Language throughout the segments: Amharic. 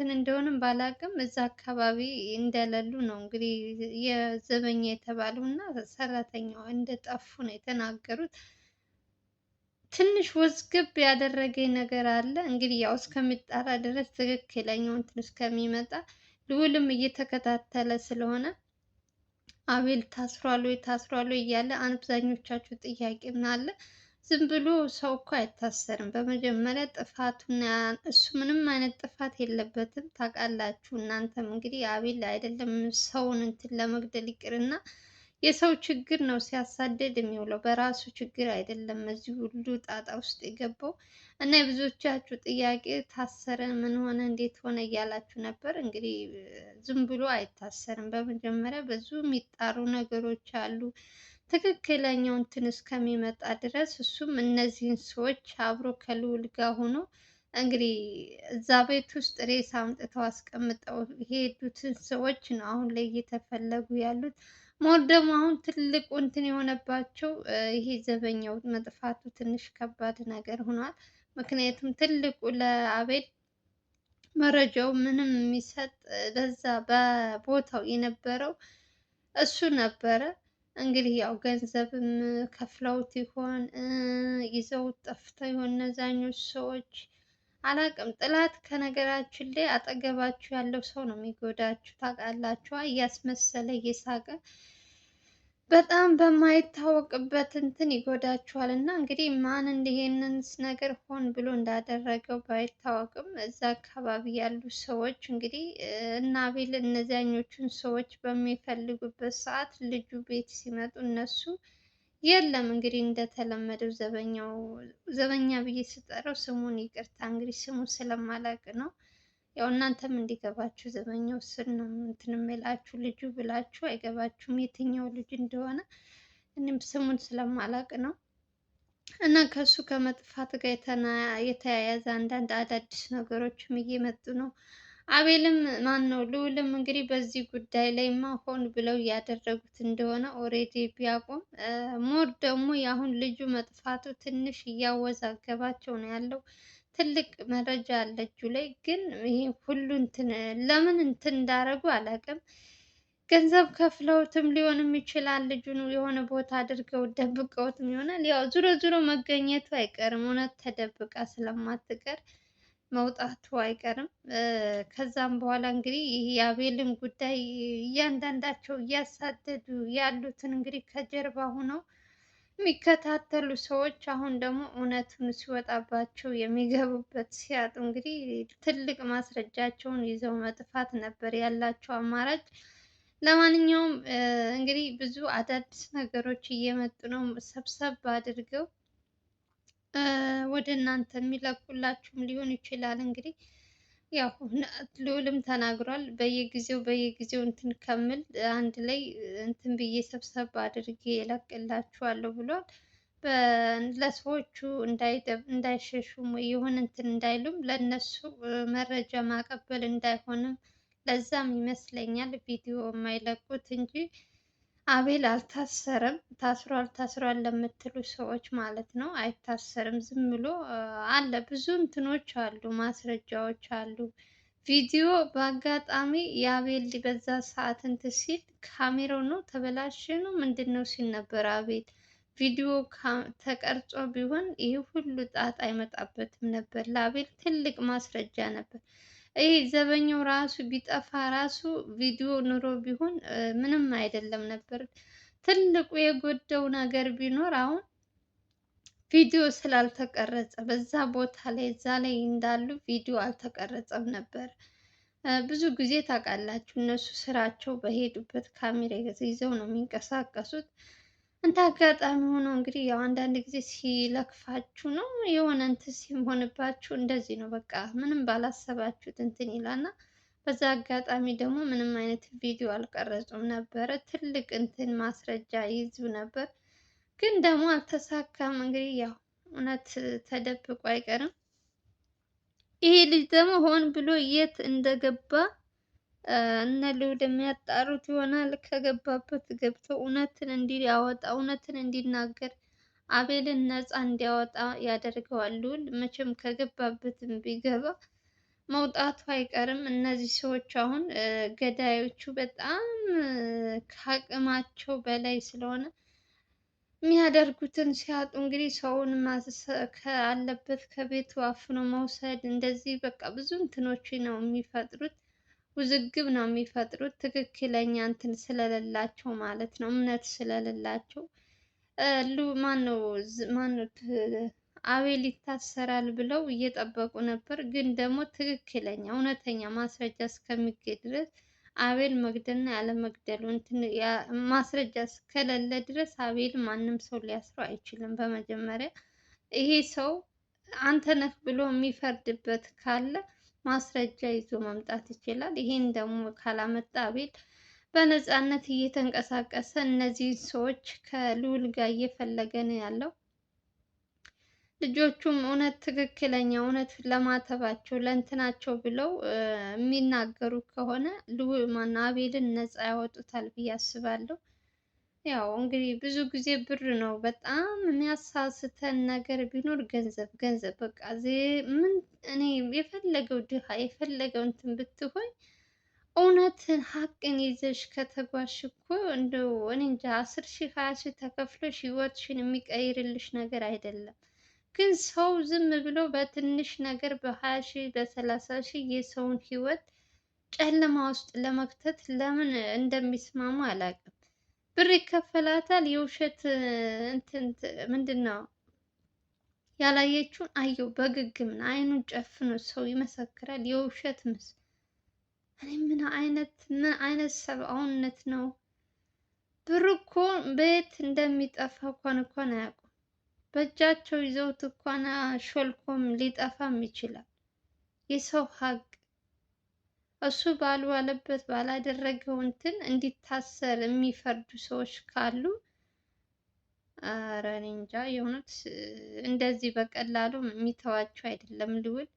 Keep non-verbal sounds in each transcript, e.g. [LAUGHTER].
እንትን እንደሆንም ባላቅም እዛ አካባቢ እንደሌሉ ነው እንግዲህ የዘበኛ የተባለው እና ሰራተኛው እንደጠፉ ነው የተናገሩት። ትንሽ ወዝግብ ያደረገኝ ነገር አለ እንግዲህ ያው እስከሚጣራ ድረስ ትክክለኛው እንትን እስከሚመጣ ልውልም እየተከታተለ ስለሆነ አቤል ታስሯል ወይ ታስሯል ወይ እያለ አብዛኞቻችሁ ጥያቄ ምናለ ዝም ብሎ ሰው እኮ አይታሰርም። በመጀመሪያ ጥፋቱና እሱ ምንም አይነት ጥፋት የለበትም። ታውቃላችሁ እናንተም እንግዲህ አቤል አይደለም ሰውን እንትን ለመግደል ይቅርና የሰው ችግር ነው ሲያሳደድ የሚውለው በራሱ ችግር አይደለም እዚህ ሁሉ ጣጣ ውስጥ የገባው እና የብዙዎቻችሁ ጥያቄ ታሰረ፣ ምን ሆነ፣ እንዴት ሆነ እያላችሁ ነበር። እንግዲህ ዝም ብሎ አይታሰርም። በመጀመሪያ ብዙ የሚጣሩ ነገሮች አሉ። ትክክለኛው እንትን እስከሚመጣ ድረስ እሱም እነዚህን ሰዎች አብሮ ከልዑል ጋር ሆኖ እንግዲህ እዛ ቤት ውስጥ ሬሳ አምጥተው አስቀምጠው የሄዱትን ሰዎች ነው አሁን ላይ እየተፈለጉ ያሉት። ሞት ደግሞ አሁን ትልቁ እንትን የሆነባቸው ይሄ ዘበኛው መጥፋቱ ትንሽ ከባድ ነገር ሆኗል። ምክንያቱም ትልቁ ለአቤል መረጃው ምንም የሚሰጥ በዛ በቦታው የነበረው እሱ ነበረ። እንግዲህ ያው ገንዘብም ከፍለውት ይሆን ይዘው ጠፍተው ይሆን እነዛኞች ሰዎች አላቅም። ጥላት ከነገራችን ላይ አጠገባችሁ ያለው ሰው ነው የሚጎዳችሁ ታውቃላችሁ። እያስመሰለ እየሳቀ በጣም በማይታወቅበት እንትን ይጎዳችኋል እና እንግዲህ ማን እንዲህንን ነገር ሆን ብሎ እንዳደረገው ባይታወቅም እዛ አካባቢ ያሉ ሰዎች እንግዲህ እና አቤል እነዚያኞቹን ሰዎች በሚፈልጉበት ሰዓት ልጁ ቤት ሲመጡ እነሱ የለም እንግዲህ እንደተለመደው ዘበኛው ዘበኛ ብዬ ስጠራው ስሙን ይቅርታ እንግዲህ ስሙ ስለማላቅ ነው ያው እናንተም እንዲገባችሁ ዘበኛው ስር ነው እንትን የሚላችሁ ልጁ ብላችሁ አይገባችሁም የትኛው ልጅ እንደሆነ እኔም ስሙን ስለማላቅ ነው። እና ከሱ ከመጥፋት ጋር የተያያዘ አንዳንድ አዳዲስ ነገሮችም እየመጡ ነው። አቤልም ማን ነው ልውልም እንግዲህ በዚህ ጉዳይ ላይ ሆን ብለው እያደረጉት እንደሆነ ኦሬዲ ቢያውቁም ሞር ደግሞ የአሁን ልጁ መጥፋቱ ትንሽ እያወዛገባቸው ነው ያለው። ትልቅ መረጃ አለ እጁ ላይ ግን ይሄ ሁሉ እንትን ለምን እንትን እንዳደረጉ አላውቅም። ገንዘብ ከፍለውትም ሊሆንም ይችላል። ልጁን የሆነ ቦታ አድርገው ደብቀውትም ይሆናል። ያው ዙሮ ዙሮ መገኘቱ አይቀርም። እውነት ተደብቃ ስለማትቀር መውጣቱ አይቀርም። ከዛም በኋላ እንግዲህ የአቤልን ጉዳይ እያንዳንዳቸው እያሳደዱ ያሉትን እንግዲህ ከጀርባ ሆነው የሚከታተሉ ሰዎች አሁን ደግሞ እውነቱን ሲወጣባቸው የሚገቡበት ሲያጡ እንግዲህ ትልቅ ማስረጃቸውን ይዘው መጥፋት ነበር ያላቸው አማራጭ። ለማንኛውም እንግዲህ ብዙ አዳዲስ ነገሮች እየመጡ ነው። ሰብሰብ አድርገው ወደ እናንተ የሚለቁላችሁም ሊሆን ይችላል እንግዲህ ያው ልዑልም ተናግሯል። በየጊዜው በየጊዜው እንትን ከምል አንድ ላይ እንትን ብዬ ሰብሰብ አድርጌ እለቅላችኋለሁ ብሏል። ለሰዎቹ እንዳይሸሹም የሆነ እንትን እንዳይሉም ለእነሱ መረጃ ማቀበል እንዳይሆንም ለዛም ይመስለኛል ቪዲዮ የማይለቁት እንጂ አቤል አልታሰረም። ታስሯል ታስሯል ለምትሉ ሰዎች ማለት ነው፣ አይታሰርም። ዝም ብሎ አለ። ብዙ እንትኖች አሉ፣ ማስረጃዎች አሉ። ቪዲዮ በአጋጣሚ የአቤል በዛ ሰዓት እንትን ሲል ካሜራው ነው ተበላሽ ነው ምንድን ነው ሲል ነበር አቤል። ቪዲዮ ተቀርጾ ቢሆን ይህ ሁሉ ጣጣ አይመጣበትም ነበር። ለአቤል ትልቅ ማስረጃ ነበር። ይህ ዘበኛው ራሱ ቢጠፋ ራሱ ቪዲዮ ኑሮ ቢሆን ምንም አይደለም ነበር። ትልቁ የጎደው ነገር ቢኖር አሁን ቪዲዮ ስላልተቀረጸ በዛ ቦታ ላይ እዛ ላይ እንዳሉ ቪዲዮ አልተቀረጸም ነበር። ብዙ ጊዜ ታውቃላችሁ፣ እነሱ ስራቸው በሄዱበት ካሜራ ይዘው ነው የሚንቀሳቀሱት። እንደ አጋጣሚ ሆኖ እንግዲህ ያው አንዳንድ ጊዜ ሲለክፋችሁ ነው የሆነ እንትን ሲሆንባችሁ እንደዚህ ነው። በቃ ምንም ባላሰባችሁት እንትን ይላል እና በዛ አጋጣሚ ደግሞ ምንም አይነት ቪዲዮ አልቀረጹም ነበረ። ትልቅ እንትን ማስረጃ ይዙ ነበር፣ ግን ደግሞ አልተሳካም። እንግዲህ ያው እውነት ተደብቆ አይቀርም። ይሄ ልጅ ደግሞ ሆን ብሎ የት እንደገባ እነ ልዑል የሚያጣሩት ይሆናል። ከገባበት ገብቶ እውነትን እንዲያወጣ እውነትን እንዲናገር አቤልን ነፃ እንዲያወጣ ያደርገዋል። ልዑል መቼም ከገባበትም ቢገባ መውጣቱ አይቀርም። እነዚህ ሰዎች አሁን ገዳዮቹ በጣም ከአቅማቸው በላይ ስለሆነ የሚያደርጉትን ሲያጡ እንግዲህ ሰውን ከአለበት ከቤቱ አፍኖ መውሰድ እንደዚህ በቃ ብዙ እንትኖች ነው የሚፈጥሩት። ውዝግብ ነው የሚፈጥሩት። ትክክለኛ እንትን ስለሌላቸው ማለት ነው፣ እምነት ስለሌላቸው ሉ ማነው ማነው አቤል ይታሰራል ብለው እየጠበቁ ነበር። ግን ደግሞ ትክክለኛ እውነተኛ ማስረጃ እስከሚገኝ ድረስ አቤል መግደልና ያለመግደሉ እንትን ማስረጃ እስከሌለ ድረስ አቤል ማንም ሰው ሊያስረው አይችልም። በመጀመሪያ ይሄ ሰው አንተ ነህ ብሎ የሚፈርድበት ካለ ማስረጃ ይዞ መምጣት ይችላል። ይህን ደግሞ ካላመጣ አቤል በነፃነት እየተንቀሳቀሰ እነዚህ ሰዎች ከልዑል ጋር እየፈለገ ነው ያለው። ልጆቹም እውነት ትክክለኛ እውነት ለማተባቸው ለእንትናቸው ብለው የሚናገሩ ከሆነ ልዑል ማነው አቤልን ነፃ ያወጡታል ብዬ አስባለሁ። ያው እንግዲህ ብዙ ጊዜ ብር ነው በጣም የሚያሳስተን ነገር ቢኖር ገንዘብ ገንዘብ በቃ ምን እኔ የፈለገው ድሃ የፈለገው እንትን ብትሆኝ እውነትን ሀቅን ይዘሽ ከተጓሽ እኮ እንደው እኔ እንጃ አስር ሺህ ሀያ ሺህ ተከፍሎሽ ህይወትሽን የሚቀይርልሽ ነገር አይደለም። ግን ሰው ዝም ብሎ በትንሽ ነገር በሀያ ሺህ በሰላሳ ሺህ የሰውን ህይወት ጨለማ ውስጥ ለመክተት ለምን እንደሚስማሙ አላውቅም። ብር ይከፈላታል። የውሸት እንትን ምንድን ነው ያላየችውን አየው በግግምን አይኑን ጨፍኖ ሰው ይመሰክራል። የውሸት ምስ እኔ ምን አይነት ምን አይነት ሰብአውነት ነው? ብር እኮ በየት እንደሚጠፋ እንኳን እንኳን አያውቁም። በእጃቸው ይዘውት እንኳን ሾልኮም ሊጠፋም ይችላል። የሰው ሀቅ እሱ ባልዋለበት ባላደረገው እንትን እንዲታሰር የሚፈርዱ ሰዎች ካሉ፣ ኧረ እኔ እንጃ እንደዚህ በቀላሉ የሚተዋቸው አይደለም። ልውል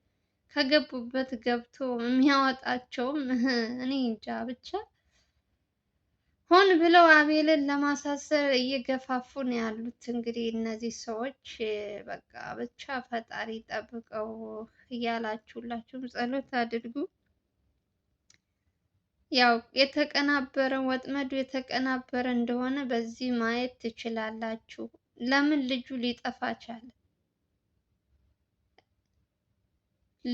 ከገቡበት ገብቶ የሚያወጣቸውም [LAUGHS] እኔ እንጃ ብቻ ሆን ብለው አቤልን ለማሳሰር እየገፋፉ ነው ያሉት። እንግዲህ እነዚህ ሰዎች በቃ ብቻ ፈጣሪ ጠብቀው እያላችሁ ሁላችሁም ጸሎት አድርጉ። ያው የተቀናበረ ወጥመዱ የተቀናበረ እንደሆነ በዚህ ማየት ትችላላችሁ። ለምን ልጁ ሊጠፋ ቻለ?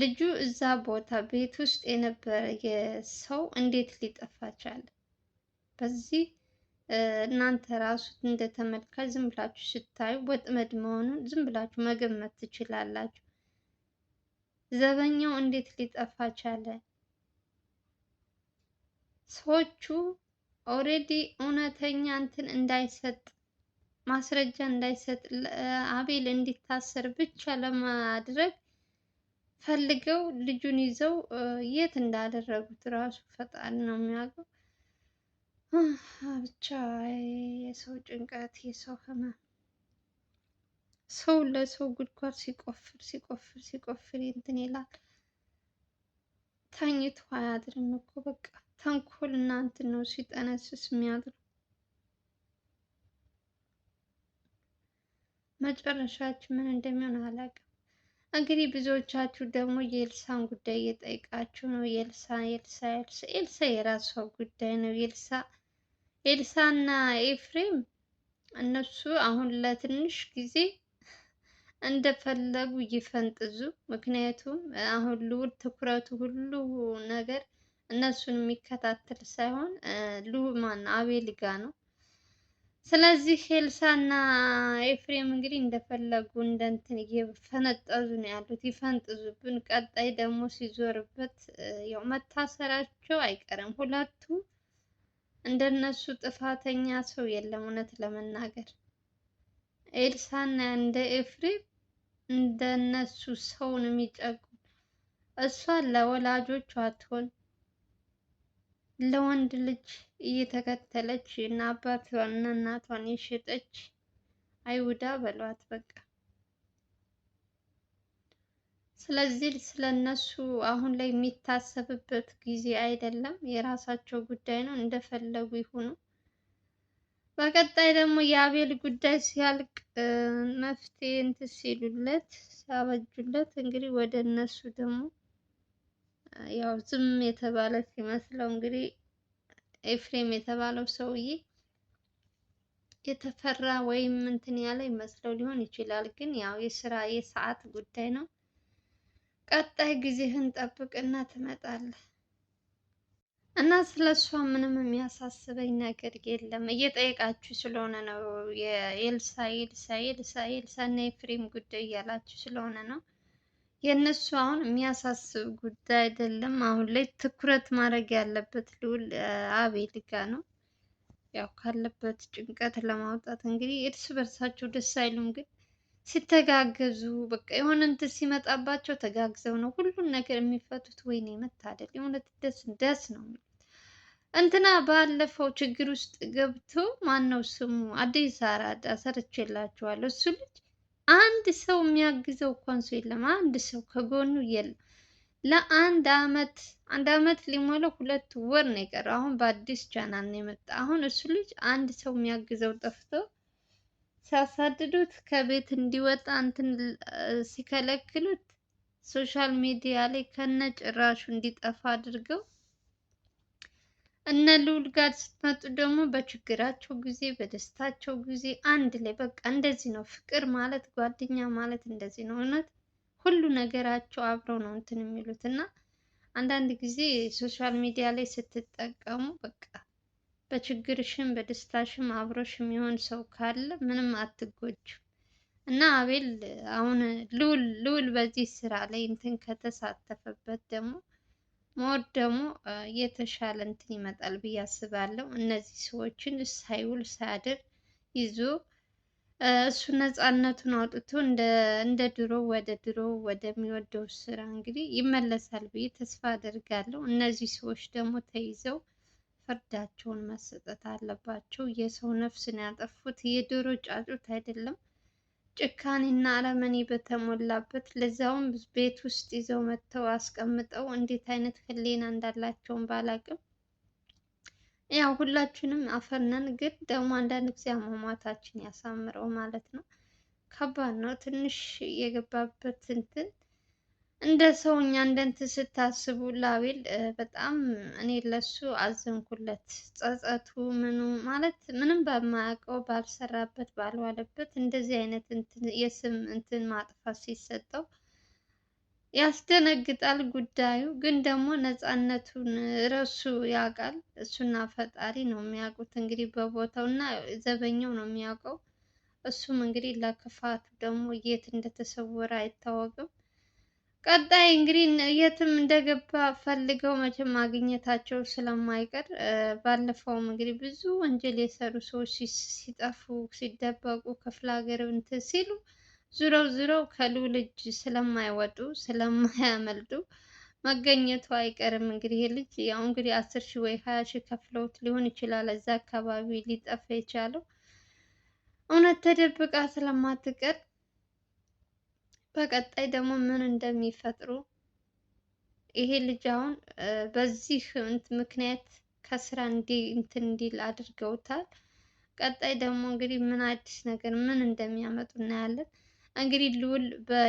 ልጁ እዛ ቦታ ቤት ውስጥ የነበረ የሰው እንዴት ሊጠፋ ቻለ? በዚህ እናንተ ራሱ እንደ ተመልካች ዝም ብላችሁ ስታዩ ወጥመድ መሆኑን ዝም ብላችሁ መገመት ትችላላችሁ። ዘበኛው እንዴት ሊጠፋ ቻለ? ሰዎቹ ኦሬዲ እውነተኛ እንትን እንዳይሰጥ ማስረጃ እንዳይሰጥ አቤል እንዲታሰር ብቻ ለማድረግ ፈልገው ልጁን ይዘው የት እንዳደረጉት ራሱ ፈጣሪ ነው የሚያውቀው። ብቻ የሰው ጭንቀት፣ የሰው ህመ ሰው ለሰው ጉድጓድ ሲቆፍር ሲቆፍር ሲቆፍር እንትን ይላል። ተኝቶ አያድርም እኮ በቃ ተንኮል እና እንትን ነው ሲጠነስስ የሚያድረው። መጨረሻችን ምን እንደሚሆን አላውቅም። እንግዲህ ብዙዎቻችሁ ደግሞ የኤልሳን ጉዳይ እየጠየቃችሁ ነው። የኤልሳ ኤልሳ ኤልሳ ኤልሳ የራሷ ጉዳይ ነው። ኤልሳ ኤልሳና ኤፍሬም እነሱ አሁን ለትንሽ ጊዜ እንደፈለጉ ይፈንጥዙ። ምክንያቱም አሁን ልውል ትኩረቱ ሁሉ ነገር እነሱን የሚከታተል ሳይሆን ሉማን አቤል ጋ ነው። ስለዚህ ኤልሳ እና ኤፍሬም እንግዲህ እንደፈለጉ እንትን እየፈነጠዙ ነው ያሉት። ይፈንጥዙብን። ቀጣይ ደግሞ ሲዞርበት ያው መታሰራቸው አይቀርም ሁለቱ። እንደነሱ ጥፋተኛ ሰው የለም። እውነት ለመናገር ኤልሳና እንደ ኤፍሬም እንደነሱ ሰውን የሚጨጉ እሷ ለወላጆቿ አትሆን ለወንድ ልጅ እየተከተለች እና አባቷን እና እናቷን የሸጠች አይሁዳ በሏት በቃ። ስለዚህ ስለ እነሱ አሁን ላይ የሚታሰብበት ጊዜ አይደለም። የራሳቸው ጉዳይ ነው፣ እንደፈለጉ ይሁኑ። በቀጣይ ደግሞ የአቤል ጉዳይ ሲያልቅ መፍትሄ እንትን ሲሉለት ሲያበጁለት እንግዲህ ወደ እነሱ ደግሞ ያው ዝም የተባለ ሲመስለው እንግዲህ ኤፍሬም የተባለው ሰውዬ የተፈራ ወይም እንትን ያለ ይመስለው ሊሆን ይችላል። ግን ያው የስራ የሰዓት ጉዳይ ነው። ቀጣይ ጊዜህን ጠብቅና ትመጣለህ እና ስለ እሷ ምንም የሚያሳስበኝ ነገር የለም። እየጠየቃችሁ ስለሆነ ነው የኤልሳ ኤልሳ ኤልሳ ኤልሳ እና ጉዳይ እያላችሁ ስለሆነ ነው። የእነሱ አሁን የሚያሳስብ ጉዳይ አይደለም። አሁን ላይ ትኩረት ማድረግ ያለበት ልዑል አቤል ጋ ነው። ያው ካለበት ጭንቀት ለማውጣት እንግዲህ እርስ በርሳቸው ደስ አይሉም፣ ግን ሲተጋገዙ በቃ የሆነ እንትን ሲመጣባቸው ተጋግዘው ነው ሁሉን ነገር የሚፈቱት። ወይኔ መታደል የእውነት ደስ ደስ ነው። እንትና ባለፈው ችግር ውስጥ ገብቶ ማን ነው ስሙ አዲስ አራዳ ሰርቼላችኋለሁ እሱ ልጅ አንድ ሰው የሚያግዘው እንኳን ሰው የለም። አንድ ሰው ከጎኑ የለም። ለአንድ አመት አንድ አመት ሊሞላው ሁለት ወር ነው የቀረው። አሁን በአዲስ ቻናል ነው የመጣ። አሁን እሱ ልጅ አንድ ሰው የሚያግዘው ጠፍቶ ሲያሳድዱት ከቤት እንዲወጣ እንትን ሲከለክሉት ሶሻል ሚዲያ ላይ ከነ ጭራሹ እንዲጠፋ አድርገው እነ ልዑል ጋር ስትመጡ ደግሞ በችግራቸው ጊዜ በደስታቸው ጊዜ አንድ ላይ በቃ እንደዚህ ነው። ፍቅር ማለት ጓደኛ ማለት እንደዚህ ነው። እውነት ሁሉ ነገራቸው አብረው ነው እንትን የሚሉት እና አንዳንድ ጊዜ ሶሻል ሚዲያ ላይ ስትጠቀሙ በቃ በችግርሽም በደስታሽም አብሮሽ የሚሆን ሰው ካለ ምንም አትጎጅም። እና አቤል አሁን ልዑል ልዑል በዚህ ስራ ላይ እንትን ከተሳተፈበት ደግሞ ሞር ደግሞ የተሻለ እንትን ይመጣል ብዬ አስባለሁ። እነዚህ ሰዎችን ሳይውል ሳያድር ይዞ እሱ ነፃነቱን አውጥቶ እንደ ድሮ ወደ ድሮ ወደሚወደው ስራ እንግዲህ ይመለሳል ብዬ ተስፋ አደርጋለሁ። እነዚህ ሰዎች ደግሞ ተይዘው ፍርዳቸውን መሰጠት አለባቸው። የሰው ነፍስን ያጠፉት የዶሮ ጫጩት አይደለም። ጭካኔና አረመኔ በተሞላበት ለዛውም ቤት ውስጥ ይዘው መጥተው አስቀምጠው እንዴት አይነት ህሊና እንዳላቸውን ባላቅም፣ ያው ሁላችንም አፈርነን፣ ግን ደግሞ አንዳንድ ጊዜ አሟሟታችን ያሳምረው ማለት ነው። ከባድ ነው። ትንሽ የገባበት እንትን እንደ ሰው እኛ እንደንት ስታስቡ ላቤል በጣም እኔ ለሱ አዘንኩለት። ጸጸቱ ምኑ ማለት ምንም በማያውቀው ባልሰራበት ባልዋለበት እንደዚህ አይነት የስም እንትን ማጥፋት ሲሰጠው ያስደነግጣል። ጉዳዩ ግን ደግሞ ነፃነቱን ረሱ ያውቃል። እሱና ፈጣሪ ነው የሚያውቁት። እንግዲህ በቦታው እና ዘበኛው ነው የሚያውቀው። እሱም እንግዲህ ለክፋቱ ደግሞ የት እንደተሰወረ አይታወቅም። ቀጣይ እንግዲህ የትም እንደገባ ፈልገው መቼም ማግኘታቸው ስለማይቀር ባለፈውም እንግዲህ ብዙ ወንጀል የሰሩ ሰዎች ሲጠፉ ሲደበቁ ክፍለ ሀገር እንትን ሲሉ ዙረው ዙረው ከልዑል እጅ ስለማይወጡ ስለማያመልጡ መገኘቱ አይቀርም። እንግዲህ ይህ ልጅ ያው እንግዲህ አስር ሺህ ወይ ሀያ ሺህ ከፍለውት ሊሆን ይችላል እዛ አካባቢ ሊጠፋ የቻለው እውነት ተደብቃ ስለማትቀር በቀጣይ ደግሞ ምን እንደሚፈጥሩ ይሄ ልጅ አሁን በዚህ ምክንያት ከስራ እንትን እንዲል አድርገውታል። ቀጣይ ደግሞ እንግዲህ ምን አዲስ ነገር ምን እንደሚያመጡ እናያለን። እንግዲህ ልዑል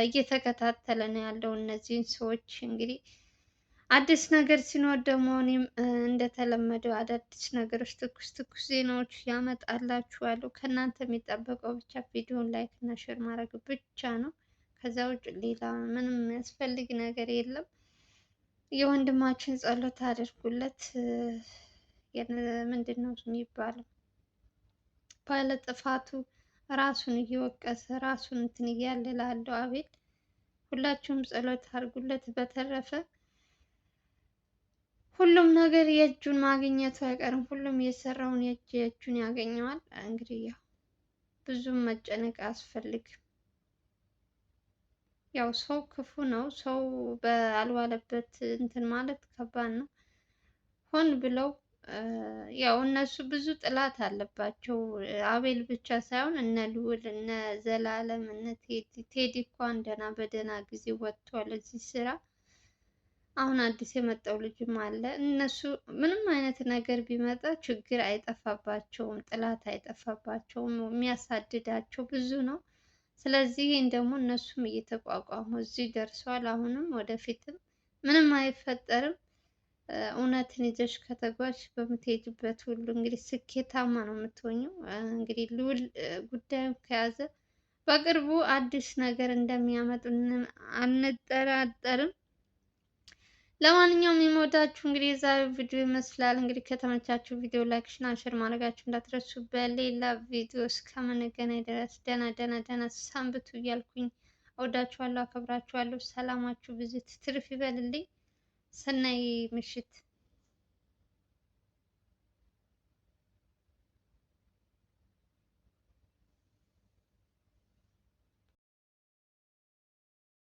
እየተከታተለ ነው ያለው እነዚህን ሰዎች። እንግዲህ አዲስ ነገር ሲኖር ደግሞ እኔም እንደተለመደው አዳዲስ ነገሮች ትኩስ ትኩስ ዜናዎች ያመጣላችኋለሁ። ከእናንተ የሚጠበቀው ብቻ ቪዲዮን ላይክ እና ሼር ማድረግ ብቻ ነው። ከዛ ውጭ ሌላ ምንም የሚያስፈልግ ነገር የለም። የወንድማችን ጸሎት አድርጉለት። ምንድን ነው የሚባለው? ባለ ጥፋቱ ራሱን እየወቀሰ ራሱን እንትን እያለ ላለው አቤል ሁላችሁም ጸሎት አድርጉለት። በተረፈ ሁሉም ነገር የእጁን ማግኘቱ አይቀርም። ሁሉም የሰራውን የእጅ የእጁን ያገኘዋል። እንግዲህ ያው ብዙም መጨነቅ አያስፈልግም። ያው ሰው ክፉ ነው። ሰው ባልዋለበት እንትን ማለት ከባድ ነው። ሆን ብለው ያው እነሱ ብዙ ጥላት አለባቸው። አቤል ብቻ ሳይሆን እነ ልዑል፣ እነ ዘላለም፣ እነ ቴዲ ቴዲ እንኳን ደህና በደህና ጊዜ ወጥቷል እዚህ ስራ። አሁን አዲስ የመጣው ልጅም አለ። እነሱ ምንም አይነት ነገር ቢመጣ ችግር አይጠፋባቸውም፣ ጥላት አይጠፋባቸውም። የሚያሳድዳቸው ብዙ ነው። ስለዚህ ይህን ደግሞ እነሱም እየተቋቋሙ እዚህ ደርሰዋል። አሁንም ወደፊትም ምንም አይፈጠርም። እውነትን ይዘሽ ከተጓዝሽ በምትሄጂበት ሁሉ እንግዲህ ስኬታማ ነው የምትሆኘው። እንግዲህ ልዑል ጉዳዩን ከያዘ በቅርቡ አዲስ ነገር እንደሚያመጡ አንጠራጠርም። ለማንኛውም የሚወዳችሁ እንግዲህ የዛሬው ቪዲዮ ይመስላል። እንግዲህ ከተመቻችሁ ቪዲዮ ላይክ፣ ሽና ሸር ማድረጋችሁ እንዳትረሱ። በሌላ ቪዲዮ እስከምንገናኝ ድረስ ደህና ደህና ደህና ሰንብቱ እያልኩኝ እወዳችኋለሁ፣ አከብራችኋለሁ። ሰላማችሁ ብዙ ትርፍ ይበልልኝ። ሰናይ ምሽት